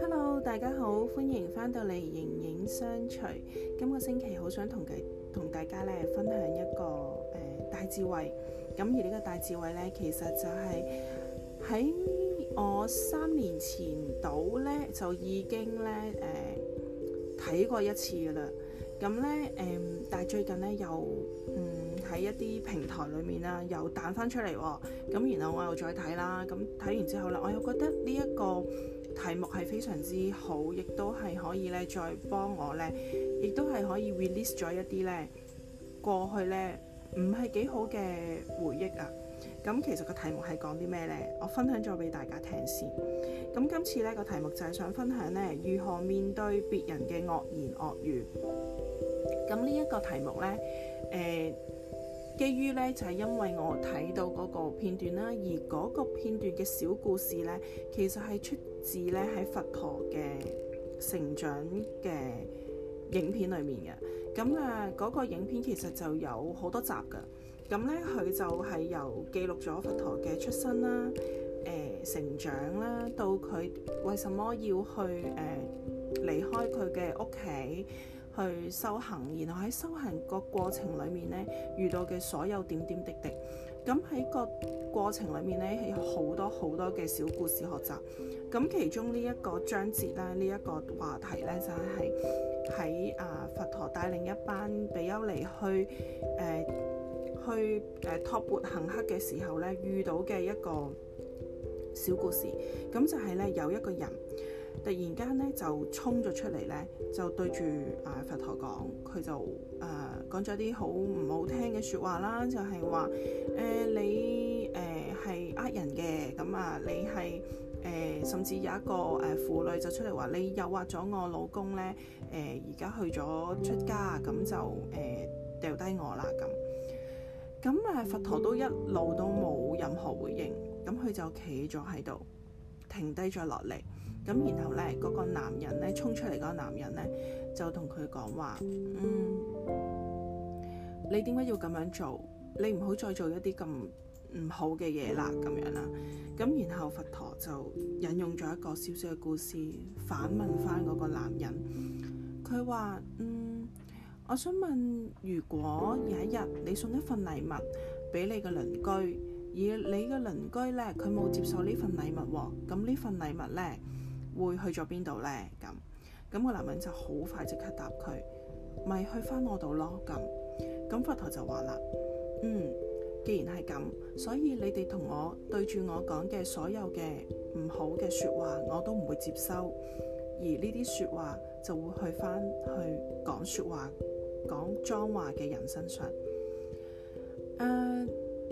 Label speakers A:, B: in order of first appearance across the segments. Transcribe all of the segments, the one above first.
A: Hello，大家好，歡迎返到嚟形影相隨。今個星期好想同佢同大家咧分享一個、呃、大智慧。咁而呢個大智慧呢，其實就係喺我三年前到呢，就已經呢睇、呃、過一次㗎喇。咁呢，呃、但係最近呢又，喺一啲平台裏面啦，又彈翻出嚟喎。咁然後我又再睇啦。咁睇完之後咧，我又覺得呢一個題目係非常之好，亦都係可以咧，再幫我咧，亦都係可以 release 咗一啲咧過去咧唔係幾好嘅回憶啊。咁其實個題目係講啲咩呢？我分享咗俾大家聽先。咁今次呢個題目就係想分享呢，如何面對別人嘅惡言惡語。咁呢一個題目呢，誒、呃。基於咧，就係、是、因為我睇到嗰個片段啦，而嗰個片段嘅小故事咧，其實係出自咧喺佛陀嘅成長嘅影片裏面嘅。咁誒，嗰、那個影片其實就有好多集㗎。咁咧，佢就係由記錄咗佛陀嘅出生啦、誒、呃、成長啦，到佢為什麼要去誒、呃、離開佢嘅屋企。去修行，然後喺修行個過程裏面咧，遇到嘅所有點點滴滴，咁喺個過程裏面咧，係好多好多嘅小故事學習。咁其中呢一個章節咧，呢、這、一個話題咧，就係、是、喺啊佛陀帶領一班比丘尼去誒、呃、去誒托缽行乞嘅時候咧，遇到嘅一個小故事。咁就係咧，有一個人。突然間咧就衝咗出嚟咧，就對住誒佛陀講，佢就誒、呃、講咗啲好唔好聽嘅説話啦，就係話誒你誒係呃人嘅，咁、呃、啊你係誒、呃、甚至有一個誒、呃、婦女就出嚟話你誘惑咗我老公咧，誒而家去咗出家啊，咁就誒掉低我啦咁，咁誒、呃、佛陀都一路都冇任何回應，咁佢就企咗喺度。停低咗落嚟，咁然後呢，嗰、嗰個男人呢，衝出嚟嗰個男人呢，就同佢講話：，嗯，你點解要咁樣做？你唔好再做一啲咁唔好嘅嘢啦，咁樣啦。咁然後佛陀就引用咗一個小小嘅故事，反問翻嗰個男人，佢、嗯、話：，嗯，我想問，如果有一日你送一份禮物俾你嘅鄰居，而你嘅鄰居呢，佢冇接受呢份禮物、哦，咁呢份禮物呢，會去咗邊度呢？咁咁個男人就好快即刻答佢，咪去返我度咯。咁咁佛陀就話啦，嗯，既然係咁，所以你哋同我對住我講嘅所有嘅唔好嘅説話，我都唔會接收，而呢啲説話就會去返去講説話講髒話嘅人身上。誒、呃。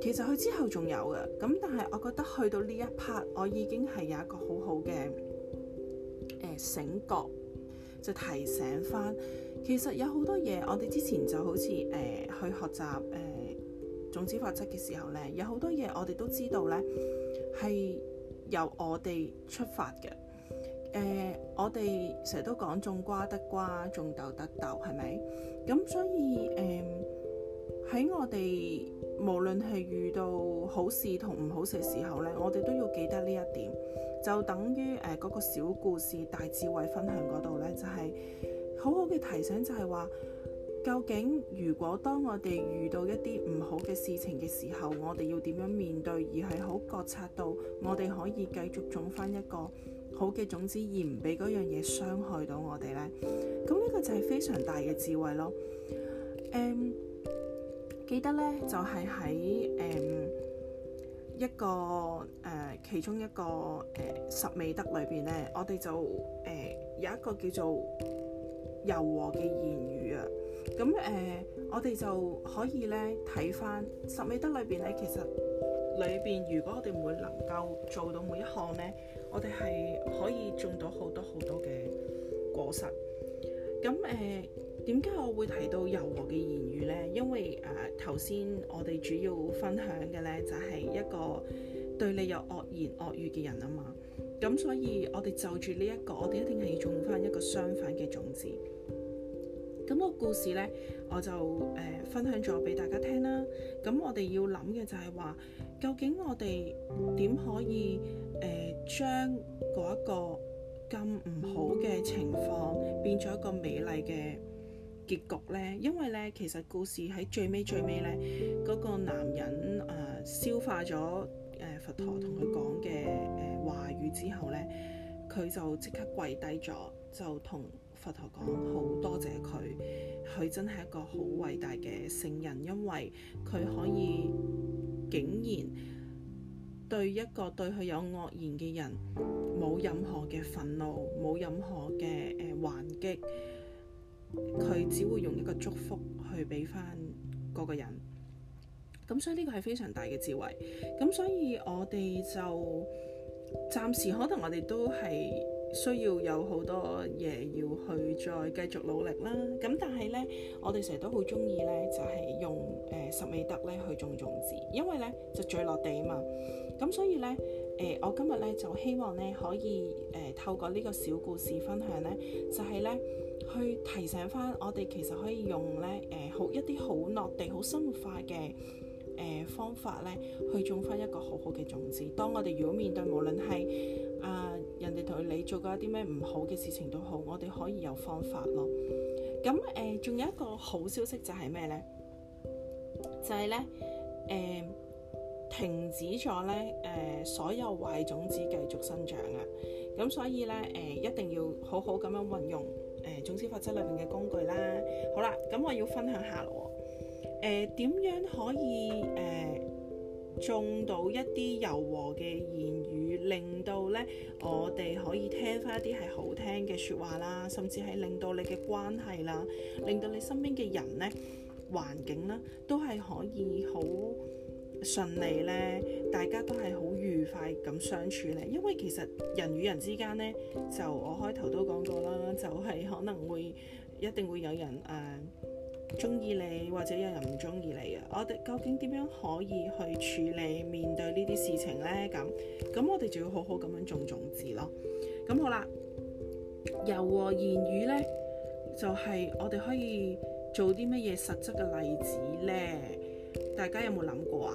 A: 其實佢之後仲有嘅，咁但係我覺得去到呢一 part，我已經係有一個好好嘅誒醒覺，就提醒返其實有好多嘢，我哋之前就好似誒、呃、去學習誒、呃、種子法則嘅時候咧，有好多嘢我哋都知道咧，係由我哋出發嘅。誒、呃，我哋成日都講種瓜得瓜，種豆得豆，係咪？咁所以誒喺、呃、我哋。無論係遇到好事同唔好事嘅時候呢，我哋都要記得呢一點，就等於誒嗰、呃嗰個小故事大智慧分享嗰度呢就係、係、好好嘅提醒，就係話，究竟如果當我哋遇到一啲唔好嘅事情嘅時候，我哋要點樣面對，而係好覺察到我哋可以繼續種返一個好嘅種子，而唔俾嗰樣嘢傷害到我哋呢。咁呢個就係非常大嘅智慧咯。嗯記得咧，就係喺誒一個誒、呃、其中一個誒、呃、十美德裏邊咧，我哋就誒、呃、有一個叫做柔和嘅言語啊。咁誒、呃，我哋就可以咧睇返十美德裏邊咧，其實裏邊如果我哋會能夠做到每一項咧，我哋係可以種到好多好多嘅果實。咁誒。呃點解我會提到柔和嘅言語呢？因為誒頭先我哋主要分享嘅呢，就係一個對你有惡言惡語嘅人啊嘛，咁所以我哋就住呢一個，我哋一定係要種返一個相反嘅種子。咁個故事呢，我就誒分享咗俾大家聽啦。咁我哋要諗嘅就係話，究竟我哋點可以誒將嗰一個咁唔好嘅情況變咗一個美麗嘅？結局咧，因為咧，其實故事喺最尾最尾咧，嗰、那個男人誒、呃、消化咗誒、呃、佛陀同佢講嘅誒話語之後咧，佢就即刻跪低咗，就同佛陀講好多謝佢，佢真係一個好偉大嘅聖人，因為佢可以竟然對一個對佢有惡言嘅人冇任何嘅憤怒，冇任何嘅誒、呃、還擊。佢只會用一個祝福去俾翻嗰個人，咁所以呢個係非常大嘅智慧，咁所以我哋就暫時可能我哋都係需要有好多嘢，要去再繼續努力啦，咁但係呢，我哋成日都好中意呢，就係、是、用誒、呃、十美德呢去種種子，因為呢就最落地啊嘛，咁所以呢，誒、呃、我今日呢就希望呢，可以誒、呃、透過呢個小故事分享呢，就係、是、呢。去提醒翻我哋，其實可以用咧誒、呃、好一啲好落地、好生活化嘅誒、呃、方法咧，去種翻一個好好嘅種子。當我哋如果面對無論係啊人哋同你做過一啲咩唔好嘅事情都好，我哋可以有方法咯。咁誒，仲、呃、有一個好消息就係咩咧？就係咧誒，停止咗咧誒，所有壞種子繼續生長啊！咁所以咧誒、呃，一定要好好咁樣運用。誒總之，法則裏面嘅工具啦，好啦，咁我要分享下咯喎。誒、呃、點樣可以誒中、呃、到一啲柔和嘅言語，令到咧我哋可以聽翻一啲係好聽嘅説話啦，甚至係令到你嘅關係啦，令到你身邊嘅人咧、環境啦，都係可以好。順利咧，大家都係好愉快咁相處咧。因為其實人與人之間咧，就我開頭都講過啦，就係、是、可能會一定會有人誒中意你，或者有人唔中意你嘅。我哋究竟點樣可以去處理面對呢啲事情咧？咁咁我哋就要好好咁樣種種子咯。咁好啦，柔和言語咧，就係、是、我哋可以做啲乜嘢實質嘅例子咧？大家有冇諗過啊？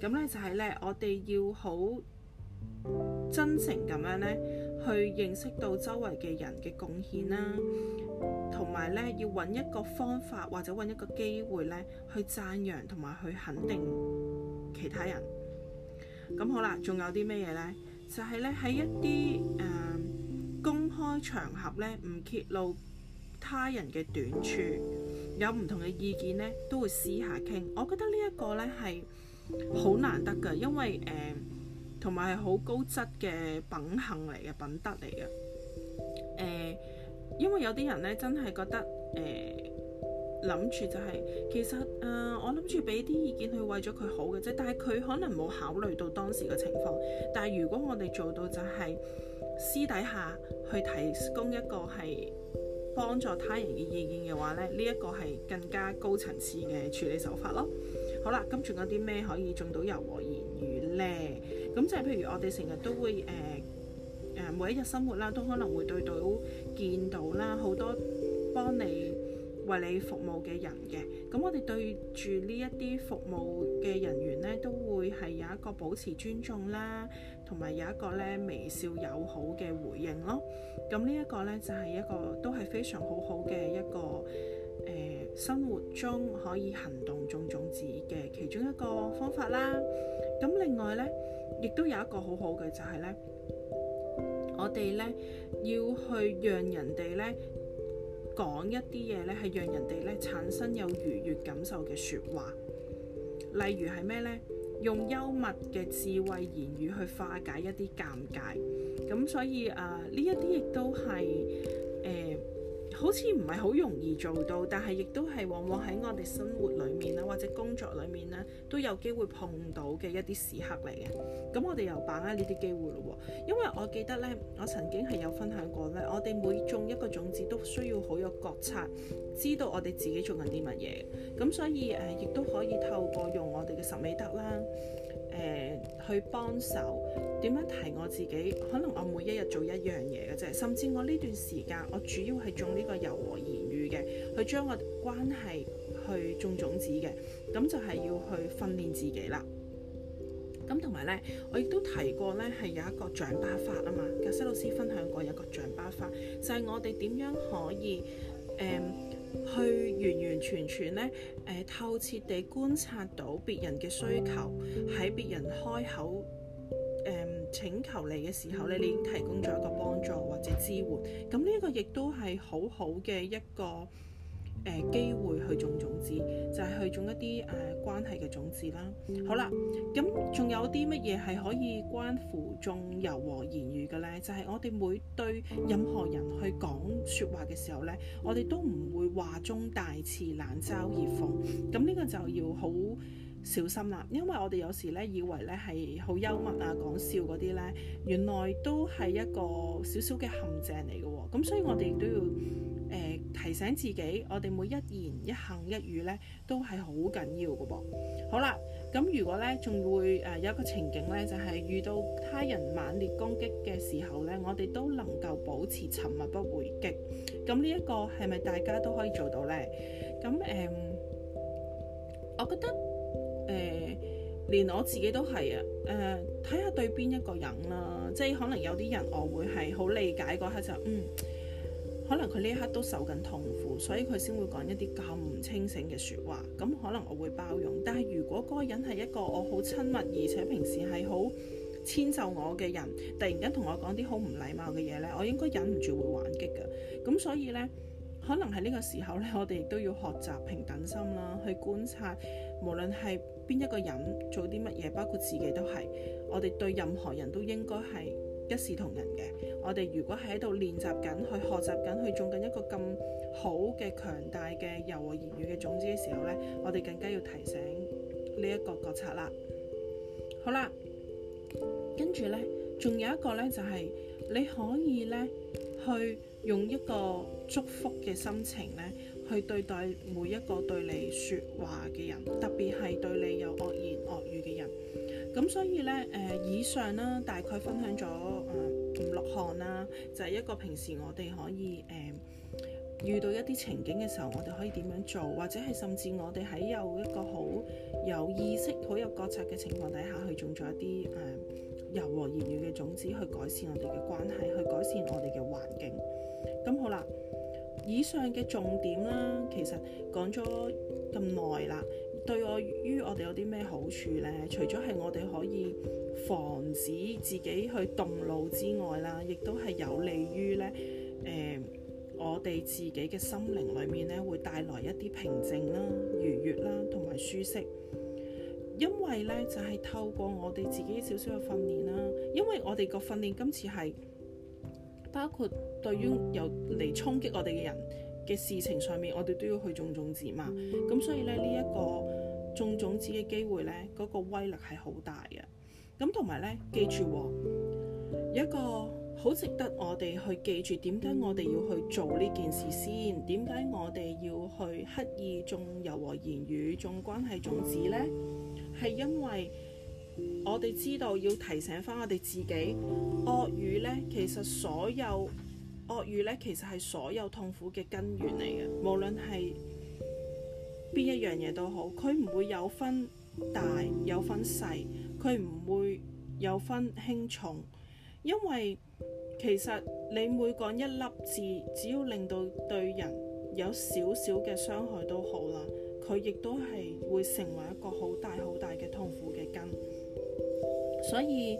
A: 咁咧就係咧，我哋要好真誠咁樣咧，去認識到周圍嘅人嘅貢獻啦，同埋咧要揾一個方法或者揾一個機會咧，去讚揚同埋去肯定其他人。咁好啦，仲有啲咩嘢咧？就係咧喺一啲誒、呃、公開場合咧，唔揭露他人嘅短處，有唔同嘅意見咧，都會私下傾。我覺得呢一個咧係。好難得噶，因為誒，同埋係好高質嘅品行嚟嘅品德嚟嘅，誒、呃，因為有啲人咧真係覺得誒，諗、呃、住就係、是，其實誒、呃，我諗住俾啲意見去為咗佢好嘅啫，但係佢可能冇考慮到當時嘅情況，但係如果我哋做到就係私底下去提供一個係幫助他人嘅意見嘅話咧，呢、這、一個係更加高層次嘅處理手法咯。好啦，仲有啲咩可以中到柔和言語呢？咁即係譬如我哋成日都會誒、呃呃、每一日生活啦，都可能會對到見到啦好多幫你為你服務嘅人嘅。咁我哋對住呢一啲服務嘅人員呢，都會係有一個保持尊重啦，同埋有一個咧微笑友好嘅回應咯。咁呢一個呢，就係、係、一個都係非常好好嘅一個誒。呃生活中可以行動種種子嘅其中一個方法啦。咁另外咧，亦都有一個好好嘅就係咧，我哋咧要去讓人哋咧講一啲嘢咧，係讓人哋咧產生有愉悅感受嘅說話。例如係咩咧？用幽默嘅智慧言語去化解一啲尷尬。咁所以啊，呢一啲亦都係誒。呃好似唔係好容易做到，但係亦都係往往喺我哋生活裏面啦，或者工作裏面咧，都有機會碰到嘅一啲時刻嚟嘅。咁我哋又把握呢啲機會咯，因為我記得咧，我曾經係有分享過咧，我哋每種一個種子都需要好有覺察，知道我哋自己做緊啲乜嘢。咁所以誒、呃，亦都可以透過用我哋嘅十美德啦。誒、呃，去幫手點樣提我自己？可能我每一日做一樣嘢嘅啫，甚至我呢段時間，我主要係種呢個柔和言語嘅，去將我關係去種種子嘅，咁就係要去訓練自己啦。咁同埋咧，我亦都提過咧，係有一個象巴法啊嘛，格西老師分享過有一個象巴法，就係，是，我哋點樣可以誒。呃去完完全全咧，誒、呃，透徹地觀察到別人嘅需求，喺別人開口，誒、呃，請求你嘅時候咧，你已經提供咗一個幫助或者支援。咁呢個亦都係好好嘅一個。誒、呃、機會去種種子，就係、是、去種一啲誒、呃、關係嘅種子啦。好啦，咁仲有啲乜嘢係可以關乎種柔和言語嘅呢？就係、是、我哋每對任何人去講說話嘅時候呢，我哋都唔會話中帶刺、冷嘲熱諷。咁呢個就要好小心啦，因為我哋有時呢以為呢係好幽默啊、講笑嗰啲呢，原來都係一個小小嘅陷阱嚟嘅喎。咁所以我哋都要。呃、提醒自己，我哋每一言一行一語咧，都係好緊要嘅噃。好啦，咁如果咧仲會誒、呃、有一個情景咧，就係、是、遇到他人猛烈攻擊嘅時候咧，我哋都能夠保持沉默不回擊。咁呢一個係咪大家都可以做到呢？咁誒、呃，我覺得誒、呃、連我自己都係啊。誒睇下對邊一個人啦、啊，即係可能有啲人我會係好理解嗰刻就嗯。可能佢呢一刻都受緊痛苦，所以佢先會講一啲咁唔清醒嘅説話。咁可能我會包容，但係如果嗰個人係一個我好親密，而且平時係好遷就我嘅人，突然間同我講啲好唔禮貌嘅嘢呢，我應該忍唔住會還擊嘅。咁所以呢，可能喺呢個時候呢，我哋都要學習平等心啦，去觀察無論係邊一個人做啲乜嘢，包括自己都係，我哋對任何人都應該係，一視同仁嘅，我哋如果喺度練習緊，去學習緊，去種緊一個咁好嘅、強大嘅柔和言語嘅種子嘅時候呢，我哋更加要提醒呢一個覺策覺察啦。好啦，跟住呢，仲有一個呢，就係、是，你可以呢去用一個祝福嘅心情呢去對待每一個對你說話嘅人，特別係對你有惡言惡語嘅人。咁所以咧，誒、呃、以上啦，大概分享咗誒五六項啦，就係、是、一個平時我哋可以誒、呃、遇到一啲情景嘅時候，我哋可以點樣做，或者係甚至我哋喺有一個好有意識、好有覺察嘅情況底下，去種咗一啲誒、呃、柔和言語嘅種子，去改善我哋嘅關係，去改善我哋嘅環境。咁好啦，以上嘅重點啦，其實講咗咁耐啦。對於我於我哋有啲咩好處呢？除咗係我哋可以防止自己去動怒之外啦，亦都係有利於呢，誒、呃、我哋自己嘅心靈裏面呢，會帶來一啲平靜啦、愉悅啦同埋舒適。因為呢，就係、是、透過我哋自己少少嘅訓練啦。因為我哋個訓練今次係包括對於有嚟衝擊我哋嘅人嘅事情上面，我哋都要去種種子嘛，咁所以咧呢一，這個種種子嘅機會咧，嗰、那個威力係好大嘅。咁同埋咧，記住有、哦、一個好值得我哋去記住，點解我哋要去做呢件事先？點解我哋要去刻意種柔和言語、種關係種子咧？係因為我哋知道要提醒翻我哋自己，惡語咧，其實所有。惡語咧，其實係所有痛苦嘅根源嚟嘅，無論係邊一樣嘢都好，佢唔會有分大有分細，佢唔會有分輕重，因為其實你每講一粒字，只要令到對人有少少嘅傷害都好啦，佢亦都係會成為一個好大好大嘅痛苦嘅根。所以，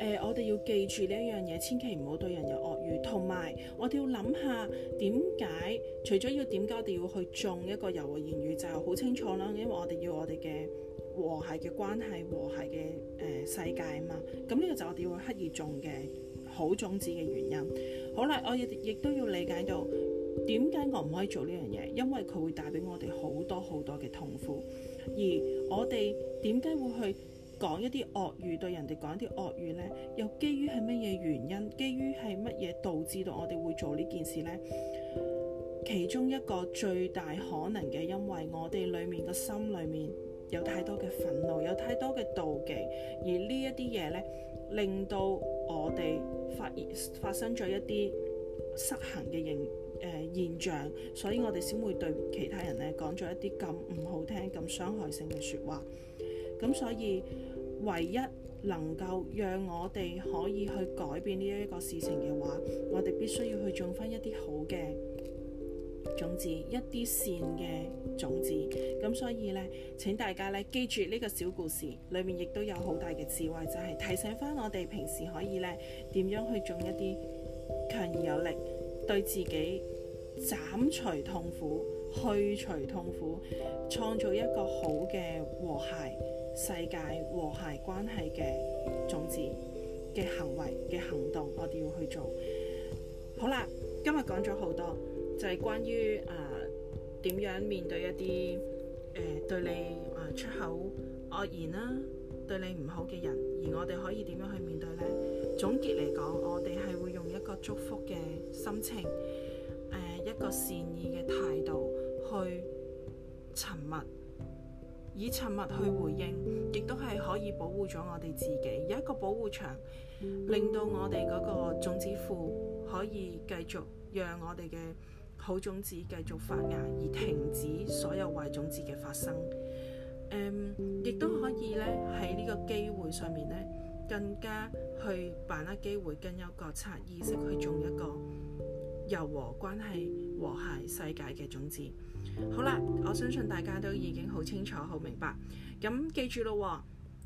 A: 呃，我哋要記住呢一樣嘢，千祈唔好對人有惡。同埋，我哋要諗下點解除咗要點解我哋要去種一個柔和言語就係好清楚啦。因為我哋要我哋嘅和諧嘅關係、和諧嘅誒世界啊嘛。咁呢個就我哋會刻意種嘅好種子嘅原因。好啦，我亦亦都要理解到點解我唔可以做呢樣嘢，因為佢會帶俾我哋好多好多嘅痛苦。而我哋點解會去？講一啲惡語，對人哋講一啲惡語呢，又基於係乜嘢原因？基於係乜嘢導致到我哋會做呢件事呢？其中一個最大可能嘅，因為我哋裡面個心裡面有太多嘅憤怒，有太多嘅妒忌，而呢一啲嘢呢，令到我哋發發生咗一啲失衡嘅現誒現象，所以我哋先會對其他人呢講咗一啲咁唔好聽、咁傷害性嘅説話。咁所以。唯一能夠讓我哋可以去改變呢一個事情嘅話，我哋必須要去種翻一啲好嘅種子，一啲善嘅種子。咁所以呢，請大家咧，記住呢個小故事裏面亦都有好大嘅智慧，就係提醒翻我哋平時可以呢點樣去種一啲強而有力、對自己斬除痛苦、去除痛苦、創造一個好嘅和諧世界和諧關係嘅種子嘅行為嘅行動，我哋要去做。好啦，今日講咗好多，就係、是、關於誒點、呃、樣面對一啲誒、呃、對你、呃、出口惡言啦，對你唔好嘅人，而我哋可以點樣去面對呢？總結嚟講，我哋係會用一個祝福嘅心情，誒、呃、一個善意嘅態度去沉默。以沉默去回應，亦都係可以保護咗我哋自己，有一個保護場令到我哋嗰個種子庫可以繼續讓我哋嘅好種子繼續發芽，而停止所有壞種子嘅發生。誒、嗯，亦都可以咧喺呢個機會上面咧，更加去把握機會，更有覺察意識去種一個柔和關係。和諧世界嘅種子。好啦，我相信大家都已經好清楚、好明白。咁記住咯，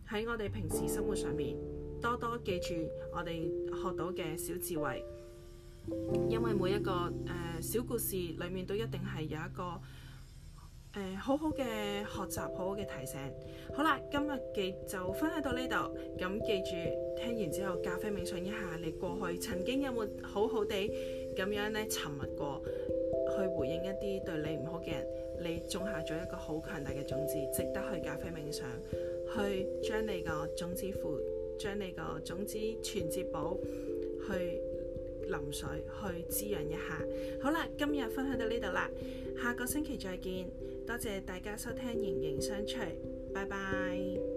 A: 喺我哋平時生活上面多多記住我哋學到嘅小智慧，因為每一個誒、呃、小故事裏面都一定係有一個誒、呃、好好嘅學習、好好嘅提醒。好啦，今日嘅就分享到呢度。咁記住，聽完之後咖啡冥想一下，你過去曾經有冇好好地咁樣咧，沉默過？去回應一啲對你唔好嘅人，你種下咗一個好強大嘅種子，值得去咖啡冥想去將你個種子庫，將你個種子存接補去淋水，去滋養一下。好啦，今日分享到呢度啦，下個星期再見。多謝大家收聽，形影相隨，拜拜。